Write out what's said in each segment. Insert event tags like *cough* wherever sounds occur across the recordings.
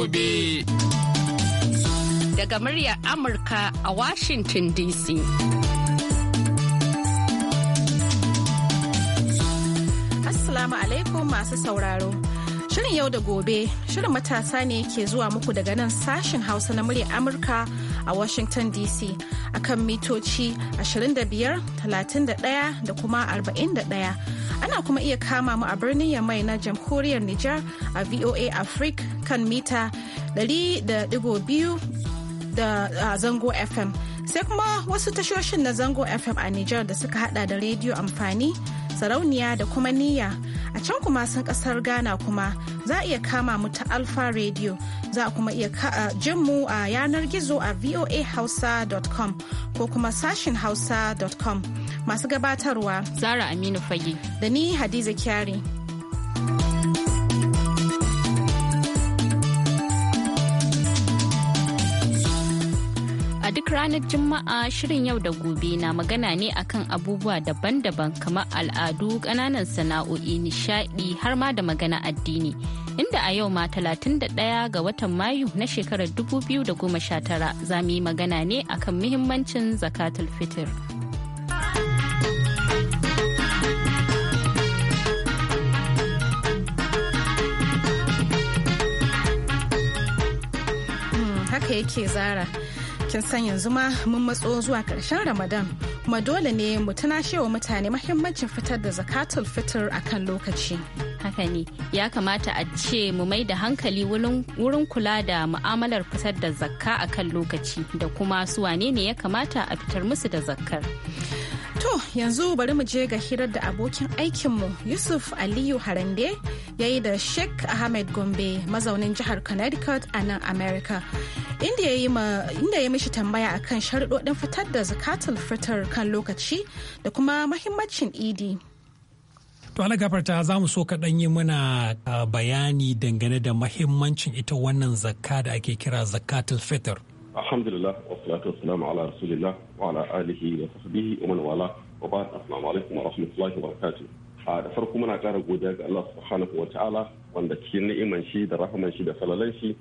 gobe. Daga muryar Amurka a Washington DC. Assalamu alaikum masu sauraro. Shirin yau da gobe, shirin matasa ne ke zuwa muku daga nan sashen Hausa na muryar Amurka a Washington DC akan mitoci 25, 31 da kuma 41. ana kuma iya kama mu a birnin yamai na jamhuriyar Nijar a VOA Africa kan mita 100.2 da zango FM. Sai kuma wasu tashoshin na zango FM a Nijar da suka hada da rediyo amfani, sarauniya da kuma niyya. A can kuma sun kasar Ghana kuma za a iya kama mu ta Alfa Radio, za a kuma iya jin mu a yanar gizo a voahausa.com ko kuma sashin hausa.com. Masu gabatarwa, Zara Aminu Fage. Da ni Hadiza Kyari. ranar Juma'a shirin yau da gobe na magana ne akan abubuwa daban-daban kamar al'adu, ƙananan sana'o'i, nishaɗi har ma da magana addini. Inda a yau ma 31 ga watan Mayu na shekarar 2019 za mu yi magana ne akan muhimmancin zakatul fitir. Hmm, haka yake zara kin san yanzu ma mun matso zuwa karshen ramadan kuma dole ne mu tunashewa mutane mahimmancin fitar da zakatul fitar a kan lokaci haka ne ya kamata a ce mu mai da hankali wurin kula da mu'amalar fitar da zakka a kan lokaci da kuma su wane ne ya kamata a fitar musu da zakkar To yanzu bari mu je ga hirar da abokin aikinmu Yusuf Aliyu Harande ya yi da Sheikh Ahmed Gombe mazaunin jihar Connecticut a nan America. inda ya mishi tambaya akan sharuɗoɗin fitar da zakatul fitar kan lokaci da kuma mahimmancin idi. To ana gafarta za mu so kaɗan yi mana bayani dangane da mahimmancin ita wannan zakka da ake kira zakatul fitar. Alhamdulillah wa salatu wa salamu ala rasulillah wa ala alihi wa sahbihi wa man wala wa ba assalamu alaikum wa rahmatullahi wa barakatuh. a da farko muna ƙara godiya ga Allah subhanahu wa ta'ala wanda cikin ni'iman shi da rahaman shi da falalan shi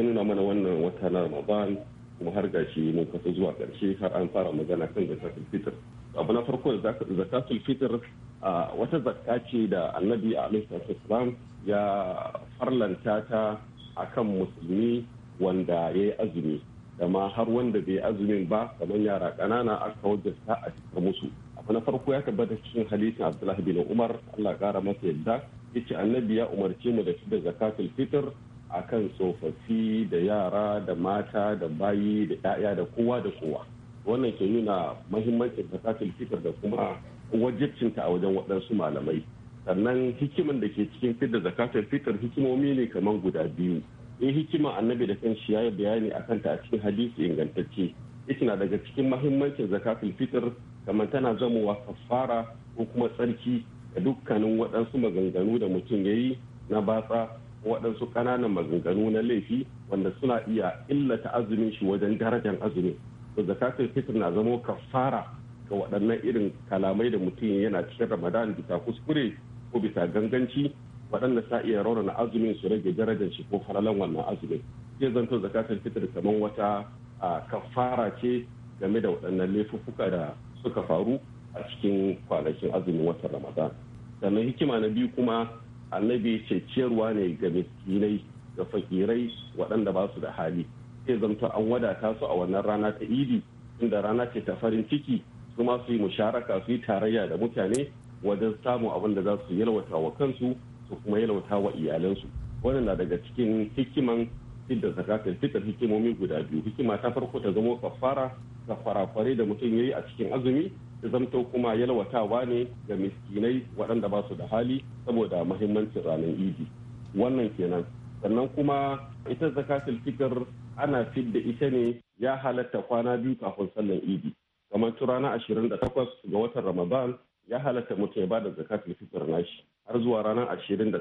ya nuna mana wannan wata na ramadan kuma har shi mun kasa zuwa ƙarshe har an fara magana kan zakatul fitr abu na farko zakatul fitr wata zakka ce da annabi alaihi ya farlanta ta akan musulmi wanda ya yi azumi da ma har wanda bai azumin ba kamar yara ƙanana aka wajasta a cikin musu abu na farko ya tabbata cikin halittar abdullahi bin umar allah ƙara masa yadda yace annabi ya umarce mu da da zakatul fitr akan tsofaffi da yara da mata da bayi da 'ya'ya da kowa da kowa wannan ke nuna mahimmancin zakatul fitar da kuma wajibcinta a wajen waɗansu malamai sannan hikiman da ke cikin fidda zakatul fitar hikimomi ne kamar guda biyu in eh, hikima annabi da kan shi ya bayani a kanta a cikin hadisi ingantacce ita na daga cikin mahimmancin zakatul fitar kamar tana zamowa kafara ko kuma tsarki da dukkanin waɗansu maganganu da mutum ya yi na batsa waɗansu ƙananan maganganu na laifi wanda suna iya illata azumin shi wajen darajar azumin to zakatul fitr na zamo kafara ga waɗannan irin kalamai da mutum yana cikin ramadan bisa kuskure ko bisa ganganci waɗanda sa iya na azumin su rage darajar shi ko faralan wannan azumin zai zanto zakatul fitr kamar wata kafara ce game da waɗannan laifuffuka da suka faru a cikin kwanakin azumin watan ramadan sannan hikima na biyu kuma annabi ce ciyarwa ne ga miskinai ga fakirai waɗanda ba su da hali sai zanto an wadata su a wannan rana ta idi inda rana ce ta farin ciki su ma su yi musharaka su yi tarayya da mutane wajen samun abin da za su yalwata wa kansu su kuma yalwata wa iyalansu wannan na daga cikin hikiman fidda zakatul fitar hikimomi guda biyu hikima ta farko ta zama kafara ta kware da mutum ya yi a cikin azumi zamto kuma yalwatawa ne ga miskinai waɗanda ba su da hali saboda mahimmancin ranar idi wannan kenan sannan kuma ita zakatul fitr ana fidda ita ne ya halatta kwana biyu kafin sallar idi kamar tu rana 28 ga watan ramadan ya halatta mutum ya ba da zakatul fitr nashi har zuwa ranar 29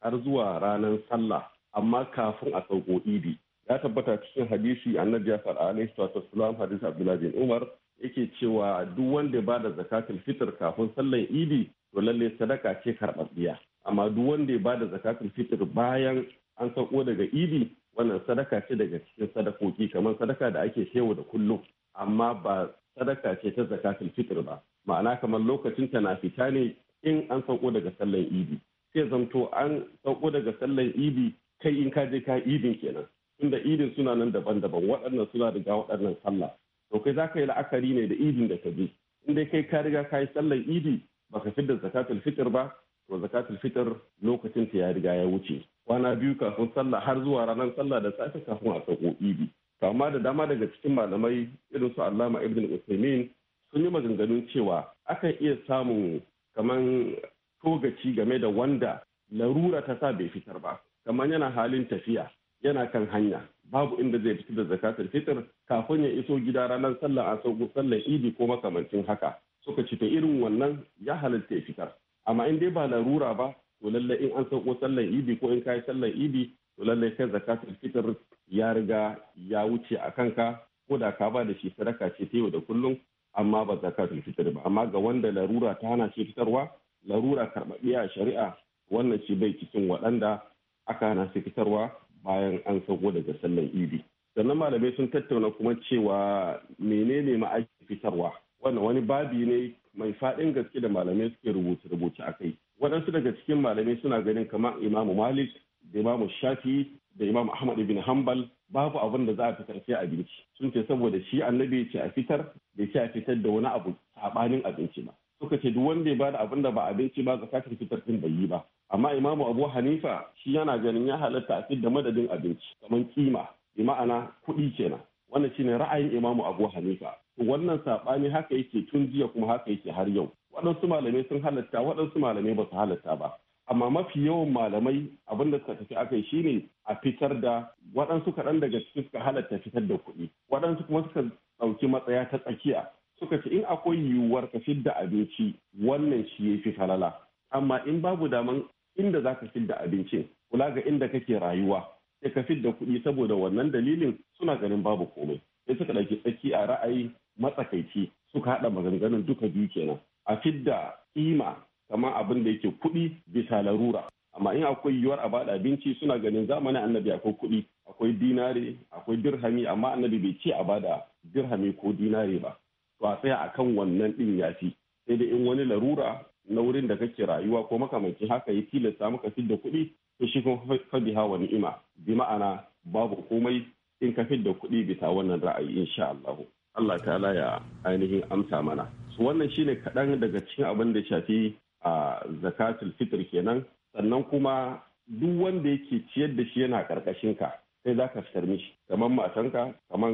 har zuwa ranar sallah amma kafin a sauko idi ya tabbata cikin hadisi annabi ya faɗa alaihi salatu wasalam hadisi abdullahi bin umar yake cewa duk wanda ba da zakatul fitr kafin sallan idi to lalle sadaka ce karɓaɓɓiya amma duk wanda ba da zakatul fitr bayan an sauko daga idi wannan sadaka ce daga cikin sadakoki kamar sadaka da ake shewa da kullum amma ba sadaka ce ta zakatul fitr ba ma'ana kamar lokacin ta na fita ne in an sauko daga sallan idi sai zanto an sauko daga sallan idi kai in ka je ka idin kenan tunda idin suna nan daban-daban waɗannan suna riga waɗannan sallah to kai za ka yi la'akari ne da idin da ka bi in dai kai ka riga ka yi sallar idi ba baka fidda zakatul fitr ba to zakatul fitr lokacin ta ya riga ya wuce kwana biyu kafin sallah har zuwa ranar sallah da safe kafin a sako idi to amma da dama daga cikin malamai irin su allama ibn usaimin sun yi maganganun cewa akan iya samun kaman togaci game da wanda larura ta sa bai fitar ba kamar yana halin tafiya yana kan hanya babu inda zai fita da zakatul fitar kafin ya iso gida ranar sallar asar sallar idi ko makamancin haka suka ci ta irin wannan ya halatta ya fitar amma in dai ba larura ba to lallai in an sauko sallar idi ko in kai sallar idi to lallai kai zakatul fitar ya riga ya wuce a kanka ko da ka ba da shi sadaka ce ta yau da kullum amma ba zakatul fitr ba amma ga wanda larura ta hana shi fitarwa larura karɓaɓɓiya shari'a wannan shi bai cikin waɗanda aka hana shi fitarwa bayan an sauko daga sallan idi sannan malamai sun tattauna kuma cewa menene ma ake fitarwa wannan wani babi ne mai faɗin gaske da malamai suke rubuce-rubuce a kai waɗansu daga cikin malamai suna ganin kamar imamu malik da imamu shafi da imam ahmad ibn hanbal babu abin da za a fitar sai abinci sun ce saboda shi annabi ce a fitar da ce a fitar da wani abu saɓanin abinci ba suka ce duk wanda ya bada abin da ba abinci ba sake fitar din bai yi ba amma imamu abu hanifa shi yana ganin ya halatta a da madadin abinci kamar kima bi ma'ana kuɗi kenan wannan shine ra'ayin imamu abu hanifa wannan saɓani haka yake tun jiya kuma haka yake har yau waɗansu malamai sun halatta waɗansu malamai ba su halatta ba amma mafi yawan malamai abin da suka tafi akai shine a fitar da waɗansu kaɗan daga cikin suka halatta fitar da kuɗi waɗansu kuma suka ɗauki matsaya ta tsakiya suka ce in akwai yiwuwar ka fidda abinci wannan shi ya fi falala amma in babu daman inda za ka fidda abincin kula ga inda kake rayuwa sai ka fidda kuɗi saboda wannan dalilin suna ganin babu komai sai suka ɗauki tsaki a ra'ayi matsakaici suka haɗa maganganun duka biyu kenan a fidda kima kamar abin da yake kuɗi bisa larura amma in akwai yiwuwar a bada abinci suna ganin zamanin annabi akwai kuɗi akwai dinare akwai dirhami amma annabi bai ce a bada dirhami ko dinare ba to a tsaya akan wannan din yafi sai da in wani larura na wurin da kake rayuwa ko makamancin haka ya tilasta maka da kuɗi to shi kuma biha hawa ni'ima bi ma'ana babu komai in ka da kuɗi bisa wannan ra'ayi insha Allah Allah ta'ala ya ainihin amsa mana su wannan shine kaɗan daga cikin abin da shafi a zakatul fitr kenan sannan kuma duk wanda yake ciyar da shi yana karkashin ka sai zaka ka fitar mishi kamar matanka kamar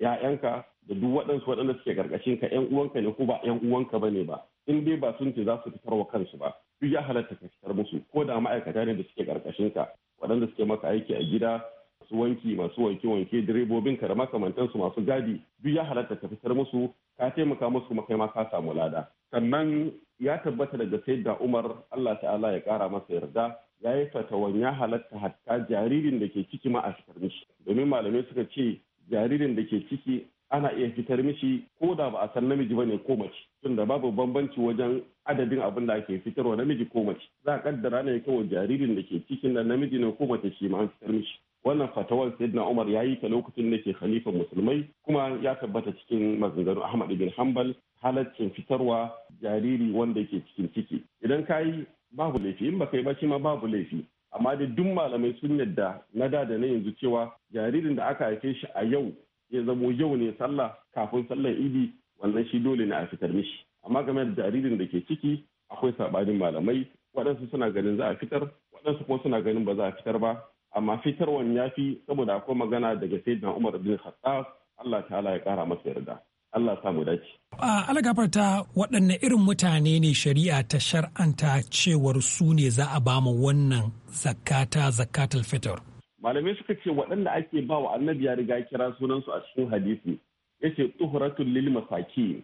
'ya'yanka da duk waɗansu waɗanda suke karkashin ka yan uwanka ne ko ba yan uwanka ba ne ba in dai ba sun ce za su fitar wa kansu ba duk ya halatta ka fitar musu ko da ma'aikata ne da suke karkashin ka waɗanda suke maka aiki a gida masu wanki masu wanke-wanke direbobin ka da makamantansu masu gadi duk ya halatta ka fitar musu ka taimaka musu kuma kai ma ka samu lada sannan ya tabbata daga sai da Umar Allah ta'ala ya kara masa yarda ya yi fatawan ya halatta hatta jaririn da ke ciki ma a fitar mishi domin malamai suka ce jaririn da ke ciki ana iya fitar mishi ko da ba a san namiji ba ne ko mace tunda babu bambanci wajen adadin abin da ake fitarwa namiji ko mace za a kaddara ne kawai jaririn da ke cikin da namiji ne ko mace shi ma an fitar mishi wannan fatawar sayyidina umar ya yi ta lokacin da ke khalifan musulmai kuma ya tabbata cikin maganganun ahmad bin hanbal halaccin fitarwa jariri wanda ke cikin ciki idan ka yi babu laifi in ba kai ba shi ma babu laifi amma da duk malamai sun yadda na da da na yanzu cewa jaririn da aka haife shi a yau ya zamo yau ne sallah kafin sallar idi wannan shi dole ne a fitar mishi amma game da jaririn da ke ciki akwai sabanin malamai waɗansu suna ganin za a fitar waɗansu kuma suna ganin ba za a fitar ba amma fitarwan ya fi saboda akwai magana daga da umar bin khattab allah ta'ala ya kara masa yarda Allah samu dace. A ta waɗanne irin mutane ne shari'a ta shar'anta cewar su ne za a bamu wannan zakata zakatul fitar. malamai suka ce waɗanda ake ba wa annabi ya riga kira sunansu a cikin hadisi ya ce tuhuratul lil masaki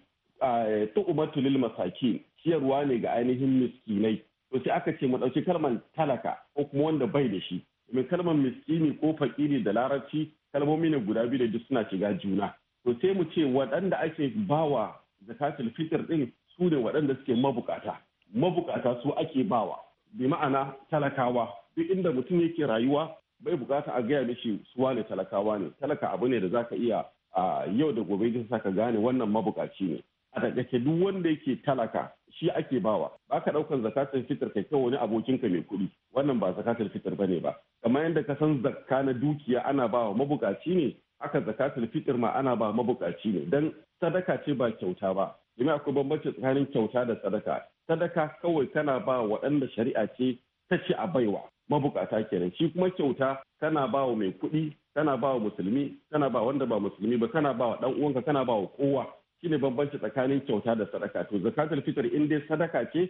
tu'umatul lil masaki ciyarwa ne ga ainihin miskinai to sai aka ce mu ɗauki kalmar talaka ko kuma wanda bai da shi domin kalmar miskini ko fakiri da larabci kalmomi ne guda biyu da duk suna shiga juna to sai mu ce waɗanda ake bawa zakatul fitr din su ne waɗanda suke mabukata mabukata su ake bawa bi ma'ana talakawa duk inda mutum yake rayuwa bai bukata a gaya mishi suwa ne talakawa ne talaka abu ne da za ka iya a yau da gobe sa ka gane wannan mabukaci ne a takaice duk wanda yake talaka shi ake bawa ba ka daukan zakatul fitr kai kyau wani abokinka mai kuɗi wannan ba zakatul fitr bane ba kamar yadda ka san zakka na dukiya ana bawa mabukaci ne haka zakatul fitr ma ana bawa mabukaci ne dan sadaka ce ba kyauta ba domin akwai bambanci tsakanin kyauta da sadaka sadaka kawai tana ba waɗanda shari'a ce ta ce a baiwa mabukata kenan shi kuma kyauta kana ba wa mai kuɗi kana ba wa musulmi kana ba wanda ba musulmi ba kana ba wa dan uwanka kana ba wa kowa shine bambanci tsakanin kyauta da sadaka to zakatul fitr in dai sadaka ce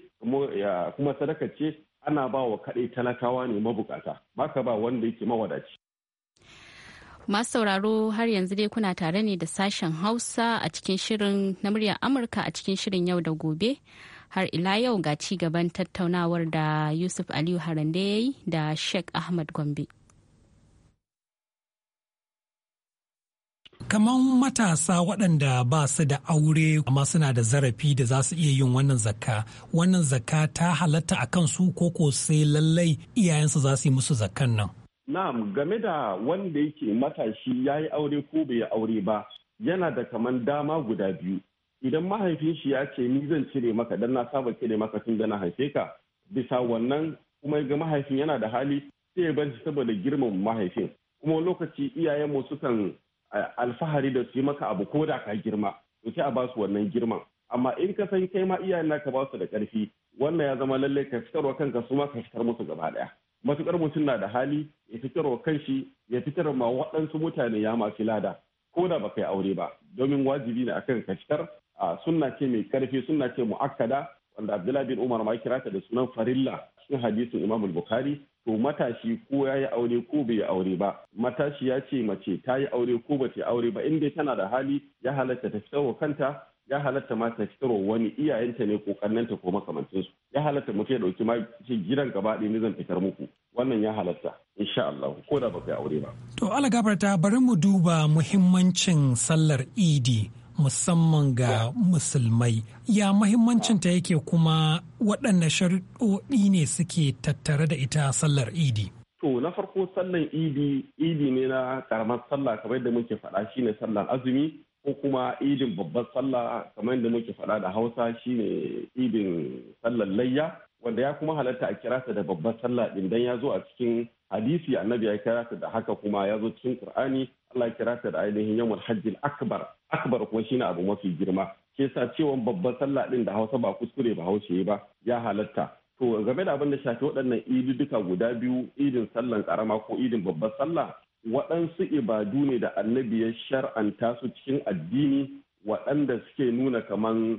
kuma sadaka ce ana ba wa kaɗai talakawa ne mabukata baka ba wanda yake mawadaci Masu sauraro har yanzu dai kuna tare ne da sashen Hausa a cikin shirin na muryar Amurka a cikin shirin yau da gobe. har ila yau ga ci gaban tattaunawar da yusuf aliyu harande ya yi da sheikh ahmad gombe kaman matasa waɗanda ba su da aure amma suna da zarafi da za su iya yin wannan zakka wannan zakka ta halatta a kan su koko sai lallai iyayensu za su yi musu zakkan nan na'am game da wanda yake matashi ya yi aure ko bai yi aure ba yana da kaman dama guda biyu idan mahaifin shi ya ce ni zan cire maka dan na saba cire maka tun da na haife ka bisa wannan kuma ga mahaifin yana da hali sai ya bar shi saboda girman mahaifin kuma lokaci iyayen mu sukan alfahari da su yi maka abu ko da ka girma to sai a ba su wannan girman amma in ka san kai ma iyayen naka ba su da karfi wannan ya zama lalle ka fitarwa kanka su ma ka fitar musu gaba daya matukar mutum na da hali ya fitarwa kan shi ya fitar ma waɗansu mutane ya mafi lada ko da ba kai aure ba domin wajibi ne akan ka fitar sunna ce mai karfi sunna ce mu'akkada wanda abdullahi bin umar ma kira da sunan farilla cikin hadisin imam bukhari to matashi ko ya yi aure ko bai yi aure ba matashi ya ce mace ta yi aure ko ba ta yi aure ba inda tana da hali ya halatta ta fitarwa kanta ya halatta ma ta fitarwa wani iyayenta ne ko kannanta ko makamancinsu ya halatta mu ya dauki ma gidan gaba ɗaya ne zan fitar muku wannan ya halatta insha Allah ko da ba kai aure ba to ala gafarta bari mu duba muhimmancin sallar idi musamman ga musulmai ya mahimmancinta yake kuma waɗanne sharuɗoɗi ne suke tattare da ita sallar idi to na farko sallar idi idi ne na karamar sallah kamar yadda muke faɗa shine sallar azumi ko kuma idin babbar sallah kamar yadda muke faɗa da hausa shine idin sallar layya wanda ya kuma halatta a kira da babbar sallah din dan ya zo a cikin hadisi annabi ya kira da haka kuma ya zo cikin qur'ani Allah kira ta da ainihin yawmul hajjil akbar akbar kuma shine abu mafi girma ke sa cewa babban sallah din da Hausa ba kuskure ba Hausa ba ya halatta to game da abin da shafi waɗannan idudduka guda biyu idin sallan karama ko idin babban sallah waɗansu ibadu ne da annabi ya shar'anta su cikin addini waɗanda suke nuna kaman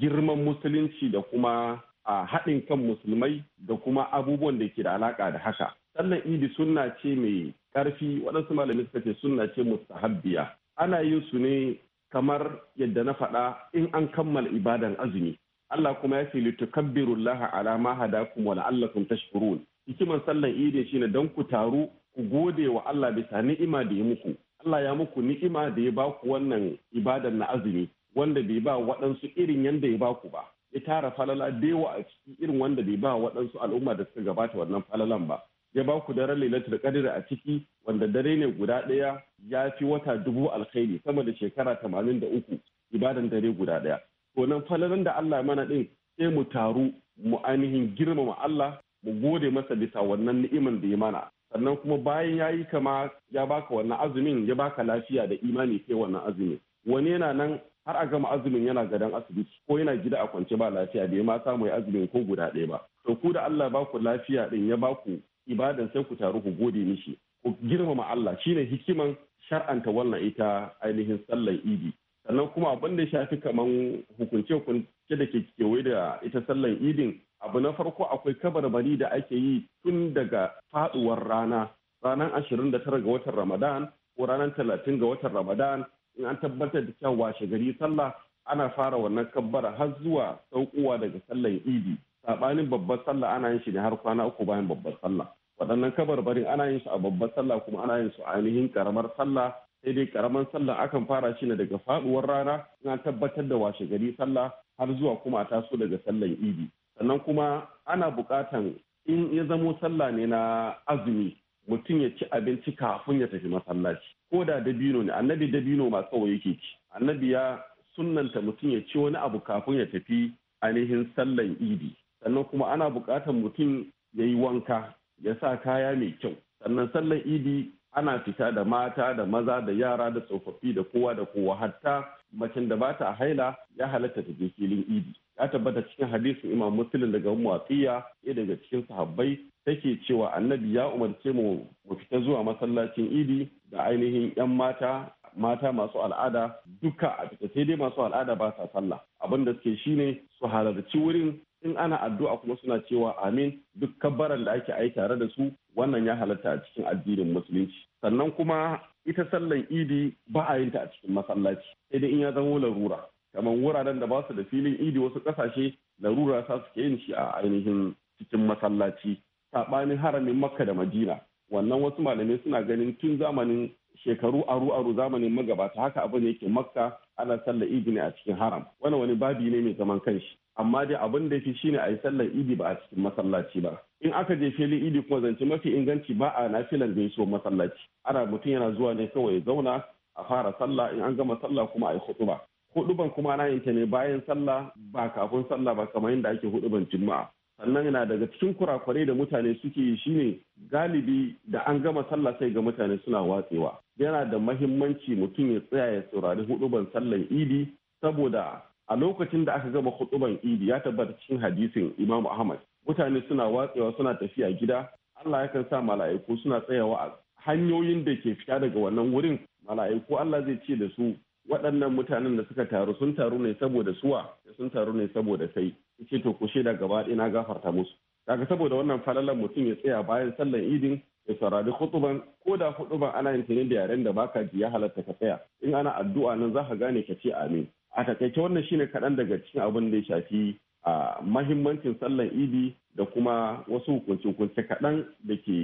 girman musulunci da kuma a haɗin kan musulmai da kuma abubuwan da ke da alaƙa da haka. Sallan idi sunna ce mai karfi waɗansu malamai suka ce sunna ce mustahabbiya ana yin su ne kamar yadda na faɗa in an kammala ibadan azumi Allah kuma ya ce litukabbirullaha ala ma hadakum wa la'allakum tashkurun hikiman sallan idi shine dan ku taru ku gode wa Allah bisa ni'ima da ya muku Allah ya muku ni'ima da ya baku wannan ibadan na azumi wanda bai ba waɗansu irin yanda ya baku ba ya tara falala dewa a ciki irin wanda bai ba waɗansu al'umma da suka gabata wannan falalan ba ya ba ku daren lailatul qadr a ciki wanda dare ne guda ɗaya ya fi wata dubu alkhairi sama da shekara tamanin da uku ibadan dare guda ɗaya to nan falalan da Allah mana ɗin sai mu taru mu ainihin girmama Allah mu gode masa bisa wannan ni'iman da ya mana sannan kuma bayan ya yi kama ya baka wannan azumin ya baka lafiya da imani sai wannan azumin wani yana nan har a gama azumin yana gadon asibiti ko yana gida a kwance ba lafiya da ya ma samu ya azumin ko guda ɗaya ba to ku da Allah ba ku lafiya din ya ba ku ibadan sai ku taru ku gode mishi ku girmama Allah shine hikiman shar'anta wannan ita ainihin sallar idi sannan kuma abin da shafi kaman hukunce hukunce da ke kewaye da ita sallar idin abu na farko akwai kabarbari da ake yi tun daga faduwar rana ranar ashirin da tara ga watan ramadan ko ranar talatin ga watan ramadan in an tabbatar da cewa washe gari sallah ana fara wannan kabbara har zuwa saukowa daga sallar idi saɓanin babbar sallah ana yin shi ne har kwana uku bayan babbar sallah waɗannan kabarbarin ana yin su a babbar sallah kuma ana yin su a ainihin karamar sallah sai dai karamar sallah akan fara shi ne daga faɗuwar rana ina tabbatar da washe gari sallah har zuwa kuma a taso daga sallan idi sannan kuma ana buƙatan in ya zamo sallah ne na azumi mutum ya ci abinci kafin ya tafi masallaci ko da dabino ne annabi dabino ma kawai yake ci annabi ya sunnanta mutum ya ci wani abu kafin ya tafi ainihin sallan idi sannan kuma ana buƙatan mutum ya yi wanka ya sa kaya mai kyau sannan sallar idi ana fita da mata da maza da yara da tsofaffi da kowa da kowa hatta macen da ba ta haila ya halatta ta je filin idi ya tabbata cikin hadisin imam muslim daga muwatsiya ya daga cikin sahabbai take cewa annabi ya umarce mu mu fita zuwa masallacin idi da ainihin yan mata mata masu al'ada duka a fita sai dai masu al'ada ba sa sallah abin da suke shine su halarci wurin in ana addu'a kuma suna cewa amin duk kabbaran da ake aiki tare da su wannan ya halatta a cikin addinin musulunci sannan kuma ita sallan idi ba a yin a cikin masallaci sai dai in ya zama larura kamar wuraren da ba su da filin idi wasu kasashe larura sa suke yin shi a ainihin cikin masallaci saɓanin haramin makka da madina wannan wasu malamai suna ganin tun zamanin shekaru aru aru zamanin magabata haka abin da yake makka ana sallar idi ne a cikin haram Wani wani babi ne mai zaman kanshi amma dai abin da fi shine a yi sallar idi ba a cikin masallaci ba in aka je filin idi kuma zance mafi inganci ba a nafilan yaso masallaci ana mutum yana zuwa ne kawai ya zauna a fara sallah in an gama sallah kuma a yi hutuba huduban kuma ana yin ta ne bayan sallah ba kafin sallah ba kamar yadda ake huduban juma'a sannan yana daga cikin kurakurai da mutane suke yi shine galibi da an gama sallah sai ga mutane suna watsewa yana da mahimmanci mutum ya tsaya ya saurari huduban sallar idi saboda a lokacin da aka gama huduban idi ya tabbata cikin hadisin imamu ahmad mutane suna watsewa suna tafiya gida allah yakan sa mala'iku suna tsayawa a hanyoyin da ke fita daga wannan wurin mala'iku allah zai ce da su waɗannan mutanen da suka taru sun taru ne saboda suwa da sun taru ne saboda sai ce to kushe shaida gaba ɗaya na gafarta musu daga saboda wannan falalan mutum ya tsaya bayan sallan idin ya saurari hutuban ko da hutuban ana yin da yaren da baka ji ya halatta ka tsaya in ana addu'a nan za ka gane ka ce amin a takaice wannan shine kaɗan daga cikin abin da ya shafi a mahimmancin sallan idi da kuma wasu hukunce hukunci kaɗan da ke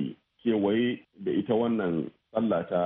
kewaye da ita wannan sallah ta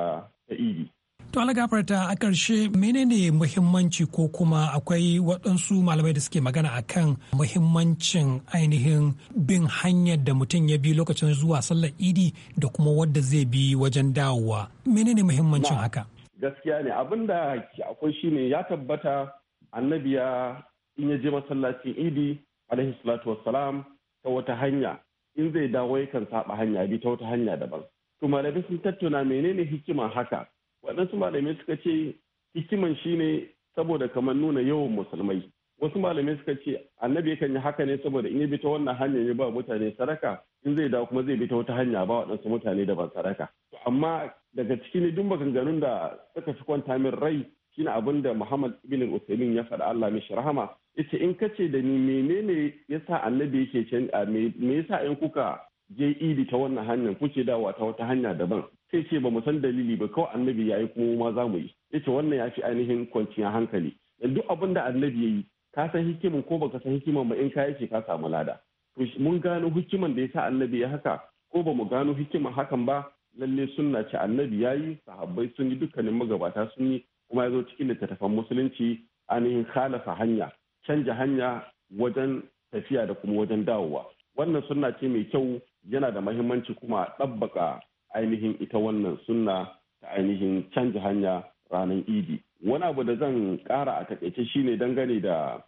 idi. To alagafarta a ƙarshe menene muhimmanci ko kuma akwai waɗansu malamai da suke magana akan muhimmancin ainihin bin hanyar da mutum ya bi lokacin zuwa sallar idi da kuma wadda zai bi wajen dawowa. Menene muhimmancin haka? gaskiya ne abin da akwai shi ne ya tabbata annabi ya in ya je masallacin idi alaihi salatu wassalam ta wata hanya in zai dawo yakan saba hanya bi ta wata hanya daban to malamai sun tattauna menene hikiman haka waɗansu malamai suka ce hikiman shi ne saboda kamar nuna yawan musulmai wasu malamai suka ce annabi yakan yi haka ne saboda in ya bi ta wannan hanya ya ba mutane sadaka in zai dawo kuma zai bi ta wata hanya ba waɗansu mutane daban ban sadaka amma daga cikin duk maganganun da suka fi kwanta min rai shine abin da Muhammad ibn Uthaymeen ya faɗa Allah mishi rahama yace in kace da ni menene yasa annabi yake can me yasa in kuka je idi ta wannan hanyar kuke dawa ta wata hanya daban sai ce ba mu san dalili ba kawai annabi yayi kuma ma za mu yi yace wannan ya fi ainihin kwanciya hankali duk abin da annabi yayi ka san hikimin ko baka san hikimin ba in ka yace ka samu lada to mun gano hikiman da yasa annabi ya haka ko ba mu gano hikiman hakan ba lalle sunna ce annabi ya yi sahabbai sun yi dukkanin magabata sun yi kuma ya zo cikin littattafan musulunci ainihin khalafa hanya canja hanya wajen tafiya da kuma wajen dawowa wannan sunna ce mai kyau yana da mahimmanci kuma ɗabbaka ainihin ita wannan sunna ta ainihin canja hanya ranar idi wani abu da zan kara a takaice shine dangane da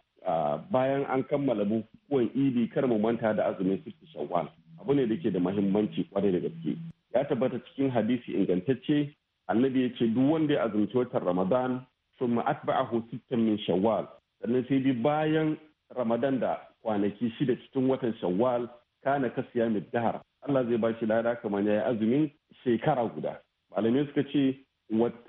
bayan an kammala bukukuwan idi kar mu manta da azumin sittin shawwal abu ne da ke da mahimmanci kwarai da gaske ya tabbata cikin hadisi ingantacce annabi ya ce duk wanda ya azumci watan ramadan sun atba'ahu sittan min shawwal sannan sai bi bayan ramadan da kwanaki shida cikin watan shawwal kana kasiya mai dahar Allah zai ba shi lada kamar ya yi azumin shekara guda malamai suka ce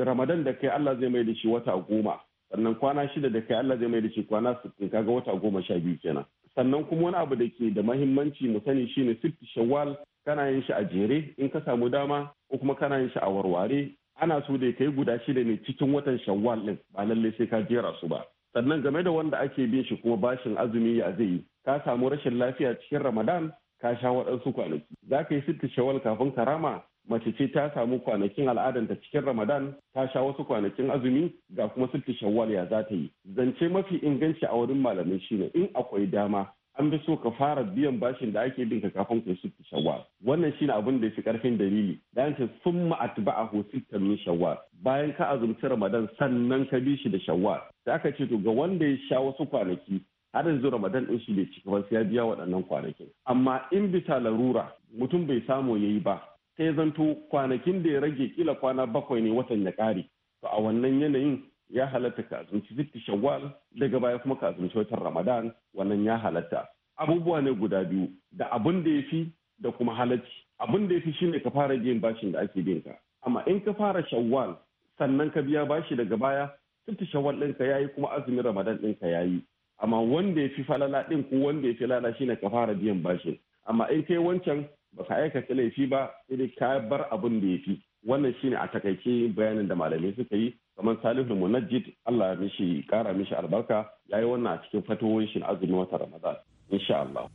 ramadan da kai Allah zai mai da shi wata goma sannan kwana shida da kai Allah zai mai da shi kwana sittin kaga wata goma sha biyu kenan sannan kuma wani abu da ke da mahimmanci mu sani shine sittin shawwal kana yin shi a jere in ka samu dama ko kuma kana yin shi a warware ana so da kai guda shida ne cikin watan shawwal din ba lallai sai ka jera su ba sannan game da wanda ake bin shi kuma bashin azumi ya zai yi ka samu rashin lafiya cikin ramadan ka sha waɗansu kwanaki za ka yi sitti shawwal kafin karama mace ce ta samu kwanakin al'adanta cikin ramadan ta sha wasu kwanakin azumi ga kuma sitti shawwal ya za ta yi zance mafi inganci a wurin malamin shine in akwai dama an bi so ka fara biyan bashin da ake bin ka kafin ku su shawwal wannan shine abin da fi karfin dalili dan ce sun atba'a a hosittar min shawwal bayan ka azumci ramadan sannan ka bi shi da shawwal da aka ce to ga wanda ya sha wasu kwanaki har yanzu ramadan din shi bai cika ba sai ya biya waɗannan kwanakin amma in bisa larura mutum bai samu yayi ba sai zanto kwanakin da ya rage kila kwana bakwai ne watan ya kare to a wannan yanayin ya halatta ka azumci zitti shawwal daga baya kuma ka azumci watan ramadan wannan ya halatta abubuwa ne guda biyu da abin da ya fi da kuma halacci abin da ya fi shine ka fara biyan bashin da ake bin ka amma in ka fara shawwal sannan ka biya bashi daga baya zitti shawwal ka yayi kuma azumin ramadan ka yayi amma wanda ya fi falala ɗin ko wanda ya fi lala shine ka fara biyan bashin amma in kai wancan ka aikata laifi ba sai ka bar abin da ya fi wannan shine a takaice bayanin da malamai suka yi kamar salihu munajjid allah ya mishi kara mishi albarka ya yi wannan a cikin fatowar shi azumin wata ramadan insha allah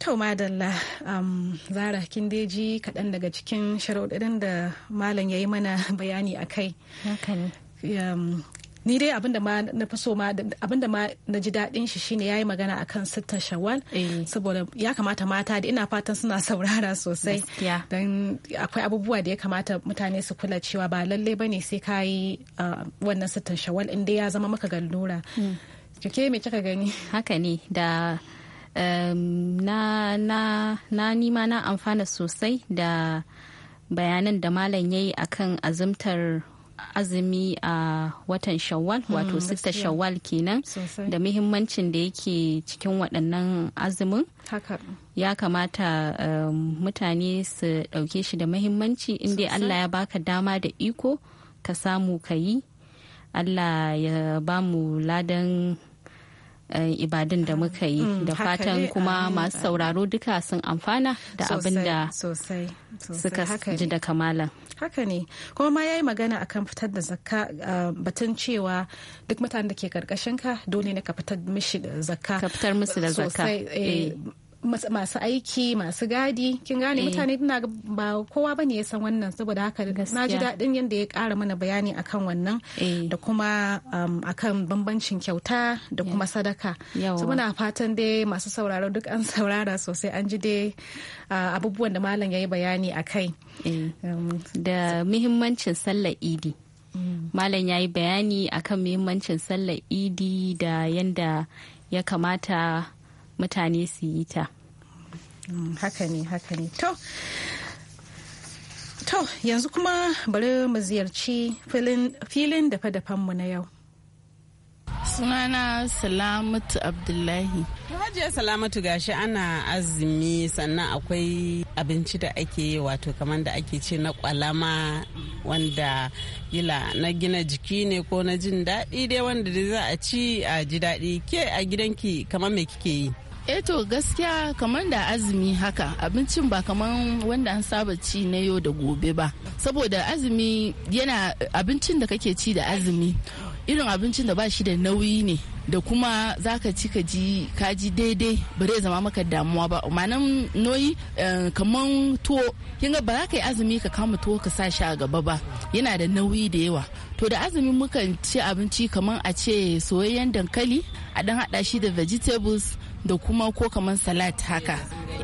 Tau madalla um, zara kin deji kaɗan daga cikin sharaɗaɗin da malam ya yi mana bayani a kai. ni dai abinda ma na fi so ma abinda ma na ji daɗin shi shine yayi magana akan sittan shawwal eh. saboda ya kamata mata da ina fatan suna *laughs* saurara sosai don akwai abubuwa da ya kamata mutane su kula cewa ba lallai bane sai ka yi uh, wannan sittan shawwal in dai ya zama maka gallura kike hmm. me kika gani haka ne da um, na na na nima na amfana sosai da bayanan da malam yayi akan azumtar azumi a watan shawwal hmm, wato sita shawwal kenan da muhimmancin da yake cikin waɗannan azumin ya kamata um, mutane su ɗauke shi da muhimmanci inda allah ya baka dama da iko ka samu ka yi allah ya ba mu ladan Eh, ibadun da muka yi mm, da fatan kuma ah, masu ah. sauraro duka sun amfana da abin da suka ji da kamala haka ne kuma ma ya yi magana akan fitar da zakka ah, batun cewa duk mutanen da ke karkashin ka dole ne ka fitar musu da zakka eh, eh. masu aiki masu gadi kin gane eh. mutane tana ba kowa bane ya san wannan saboda haka na ji daɗin yadda ya ƙara mana bayani akan wannan eh. da kuma um, akan bambancin kyauta da kuma sadaka so muna fatan dai masu sauraro duk an saurara sosai an ji dai uh, abubuwan da malam ya yi bayani a kai eh. um, da muhimmancin sallar idi mm. malam ya yi bayani akan muhimmancin sallar idi da yanda ya kamata mutane su yi ta mm, haka ne haka ne to to yanzu kuma bari mu ziyarci filin dafa dafanmu na yau sunana salamatu abdullahi hajiya salamatu gashi ana azumi sannan akwai abinci da ake wato kamar da ake ce na kwalama wanda yila na gina jiki ne ko na jin daɗi dai wanda za a ci a ji daɗi ke a gidanki kamar me kike yi eto eh, to gaskiya kamar da azumi haka abincin ba kamar wanda an saba ci na yau da gobe ba saboda azumi yana abincin da kake ci da azumi irin abincin da ba shi da nauyi ne da kuma za ka ci ka ji kaji daidai ba zai zama maka damuwa ba nan noyi eh, kamar tuwo kinga ba za ka yi azumi ka kama tuwo ka sa shi a gaba ba yana da nauyi da yawa to da azumi mukan ci abinci kamar a ce soyayyen dankali a dan hada shi da vegetables da kuma ko kaman salat haka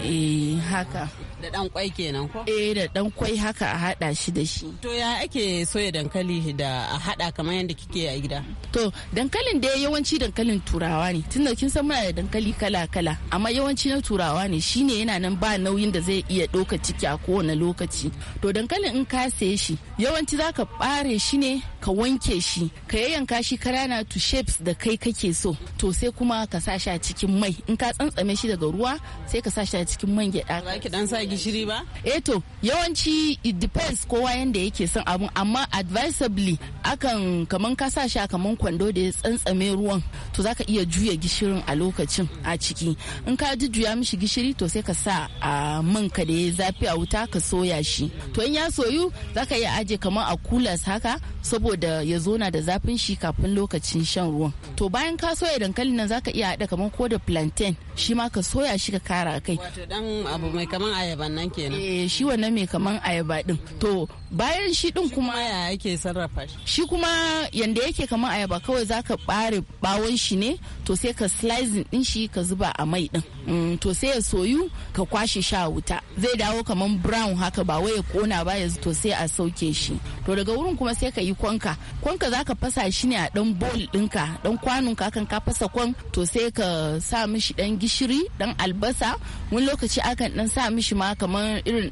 eh haka da dan kwai kenan ko eh da dan kwai haka a hada shi da shi to ya ake soya dankali da a hada kamar yadda kike a gida to dankalin da yawanci dankalin turawa ne tunda kin san muna da dankali kala kala amma yawanci na turawa ne shine yana nan ba nauyin da zai iya doka ciki a kowane lokaci to dankalin in ka saye shi yawanci zaka bare shi ne ka wanke shi ka yayyanka shi kanana to shapes da kai kake so to sai kuma ka sa shi a cikin mai in ka tsantsame shi daga ruwa sai ka sa shi a cikin man gyada ba ki dan sa gishiri ba eh to yawanci it depends kowa yanda yake son abun amma advisably akan kaman ka sa shi kaman kwando da ya tsantsame ruwan to zaka iya juya gishirin a lokacin a ciki in ka jujjuya mishi gishiri to sai ka sa a man ka da ya zafi a wuta ka soya shi to in ya soyu zaka iya aje kaman a kulas haka saboda saboda ya zona da zafin shi kafin lokacin shan ruwan to bayan ka soya dankalin nan zaka iya haɗa kamar ko da plantain shi ma ka soya shi ka kara kai wato dan abu mai kaman ayaba nan kenan eh shi wannan mai kaman ayaba din to bayan shi din kuma ya yake sarrafa shi shi kuma yanda yake kaman ayaba kawai zaka bare bawon shi ne to sai ka slicing din shi ka zuba a mai din mm, to sai ya soyu ka kwashe shi a wuta zai dawo kaman brown haka ba wai ya kona ba ya to sai a sauke shi to daga wurin kuma sai ka yi kwanka kwanka za zaka fasa shi ne a ɗan bowl dinka ɗan kwanon ka kan ka fasa kwan to sai ka sa mishi ɗan gishiri ɗan albasa wani lokaci akan ɗan sa mishi ma kamar irin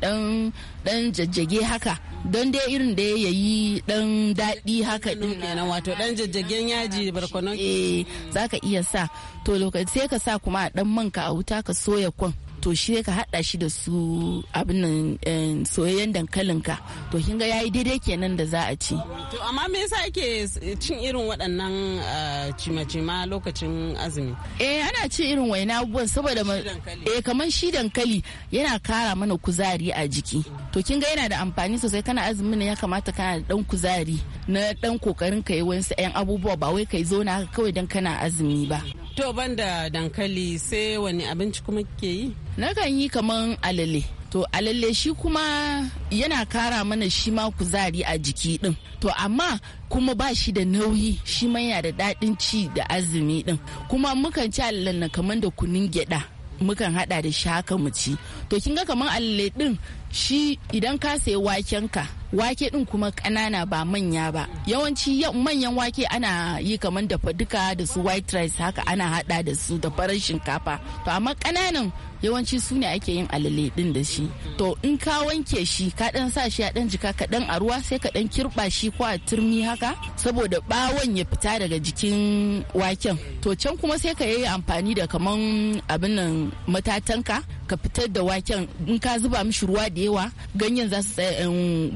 ɗan jajjage haka don dai irin da ya yi ɗan daɗi haka ɗin kenan wato ɗan jajjagen yaji barkonon eh zaka iya sa to lokaci sai ka sa kuma a ɗan manka a wuta ka soya kwan to shi ka hada shi da su abin nan eh, soyayyen dankalin ka to kin ga yayi daidai kenan da za a ci to amma me yasa ake cin irin waɗannan eh, cimacima lokacin azumi eh ana cin irin waina abubuwan saboda eh kamar shi dankali yana kara mana kuzari a jiki to kin ga yana da amfani sosai kana azumin ya kamata kana da dan kuzari na dan kokarin ka yi wasu 'yan abubuwa ba wai kai zo na kawai dan kana azumi ba To banda dankali sai wani abinci kuma ke yi? Nakan yi kaman alale. To alale shi kuma yana kara mana shi ma kuzari a jiki din. To amma kuma ba shi da nauyi shi ma yana da daɗin ci da azumi din. Kuma mukan ci alalen na kaman da kunun gyaɗa. mukan hada da shi haka mu ci to kin ga kaman alale din shi idan ka sayi waken ka wake din kuma kanana ba manya ba yawanci manyan wake ana yi kamar dafa duka da su white rice haka ana hada da su da farar shinkafa to amma kananan yawanci su ne ake yin alale din da shi to in ka wanke shi ka dan sa shi a dan jika ka dan a ruwa sai ka dan kirba shi ko a turmi haka saboda bawon ya fita daga jikin waken to can kuma sai ka yi amfani da kaman abin nan matatanka ka fitar da waken in ka zuba mishi ruwa da yawa ganyen za su tsaya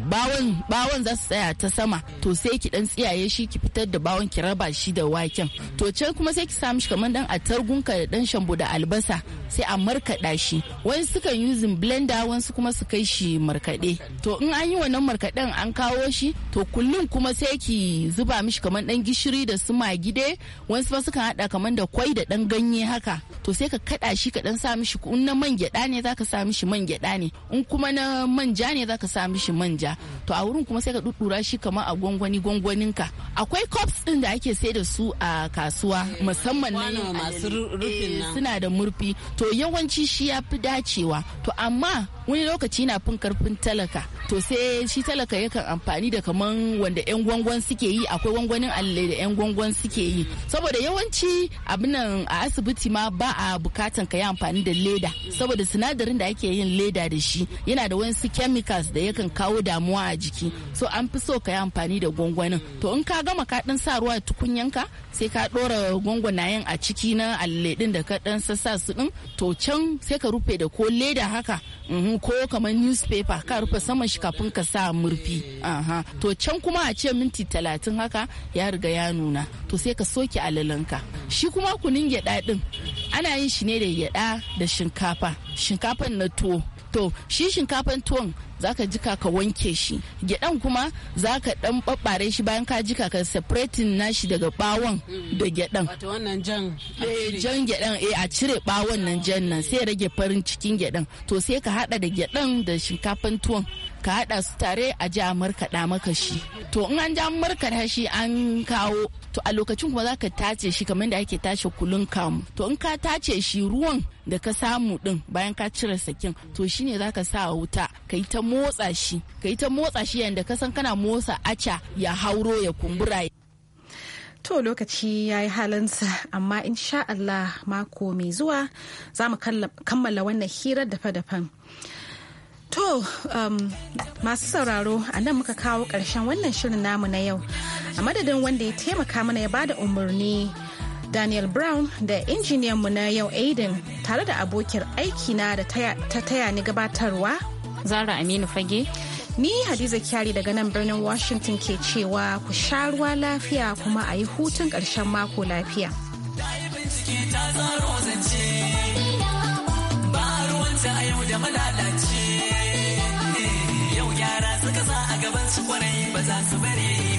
bawon bawon za su tsaya ta sama to sai ki dan tsiyaye shi ki fitar da bawon ki raba shi da waken to can kuma sai ki samu shi kamar dan atargunka da dan shambo da albasa sai a markaɗa shi wani yi using blender wani kuma su kai shi markaɗe to in an yi wannan markaɗen an kawo shi to kullum kuma sai ki zuba mishi kamar dan gishiri da su magide wasu su kan hada kamar da kwai da dan ganye haka to sai ka kaɗa shi ka dan sa mishi in man gyada ne zaka sa mishi man gyaɗa ne in kuma na manja ne zaka sa mishi manja to a wurin kuma sai ka ɗuɗɗura shi kamar a gwangwani gwangwanin ka akwai cups din da ake sai da su a kasuwa eh, musamman na masu rufin eh, suna da murfi to yawanci shi ya fi dacewa to amma wani lokaci na fin karfin talaka to sai shi talaka yakan amfani da kaman wanda yan gwangwan suke yi akwai gwangwanin alle da yan gwangwan suke yi saboda yawanci abin nan a asibiti ma ba a bukatan ka yi amfani da leda saboda sinadarin da ake yin leda da shi yana da wasu chemicals da yakan kawo damuwa a jiki so an fi so ka yi amfani da gwangwanin to in ka gama ka dan sa ruwa ka sai ka dora gwangwanayen a ciki na alle din da ka dan sassa su din to can sai ka rufe da ko leda haka uhm, ko kamar newspaper ka rufe saman shi kafin ka sa murfi aha to can kuma a ce minti talatin haka ya riga ya nuna to sai ka soke alalanka shi kuma kunun gyaɗa ɗin ana yin shi ne da gyaɗa da shinkafa shinkafan na tuwo to shi shinkafan tuwon za ka jika ka wanke shi gyaɗan kuma za ka ɗan ɓaɓɓare shi bayan ka jika ka separating nashi daga ɓawon da gyaɗan eh, jan gyaɗan eh, a cire ɓawon nan jan nan sai rage farin cikin gyaɗan to sai ka haɗa da gyaɗan da shinkafan tuwon ka haɗa su tare a ji a markaɗa maka shi to in an ja markaɗa shi an kawo to a lokacin kuma zaka tace shi kamar da ake tace kulun kamu to in ka tace shi ruwan da ka samu din bayan ka cire sakin to shine zaka sa wuta kai ta motsa shi kai ta motsa shi yanda ka san kana motsa aca ya hauro ya kumbura To lokaci ya yi halinsa amma insha Allah mako mai zuwa za kammala wannan hirar dafa-dafan. To, um, masu sauraro a nan muka kawo ƙarshen wannan shirin namu na yau. A madadin wanda ya taimaka mana ya bada umarni Daniel Brown da mu na yau Aiden tare da abokin aikina da ta taya ni gabatarwa. Zara Aminu Fage. Ni Hadiza Kyari daga nan birnin Washington ke cewa ku sha ruwa lafiya kuma a yi hutun ƙarshen mako lafiya. Ba ruwanta a yau da malalaci. yara suka sa a gaban su kwarai ba za su bari.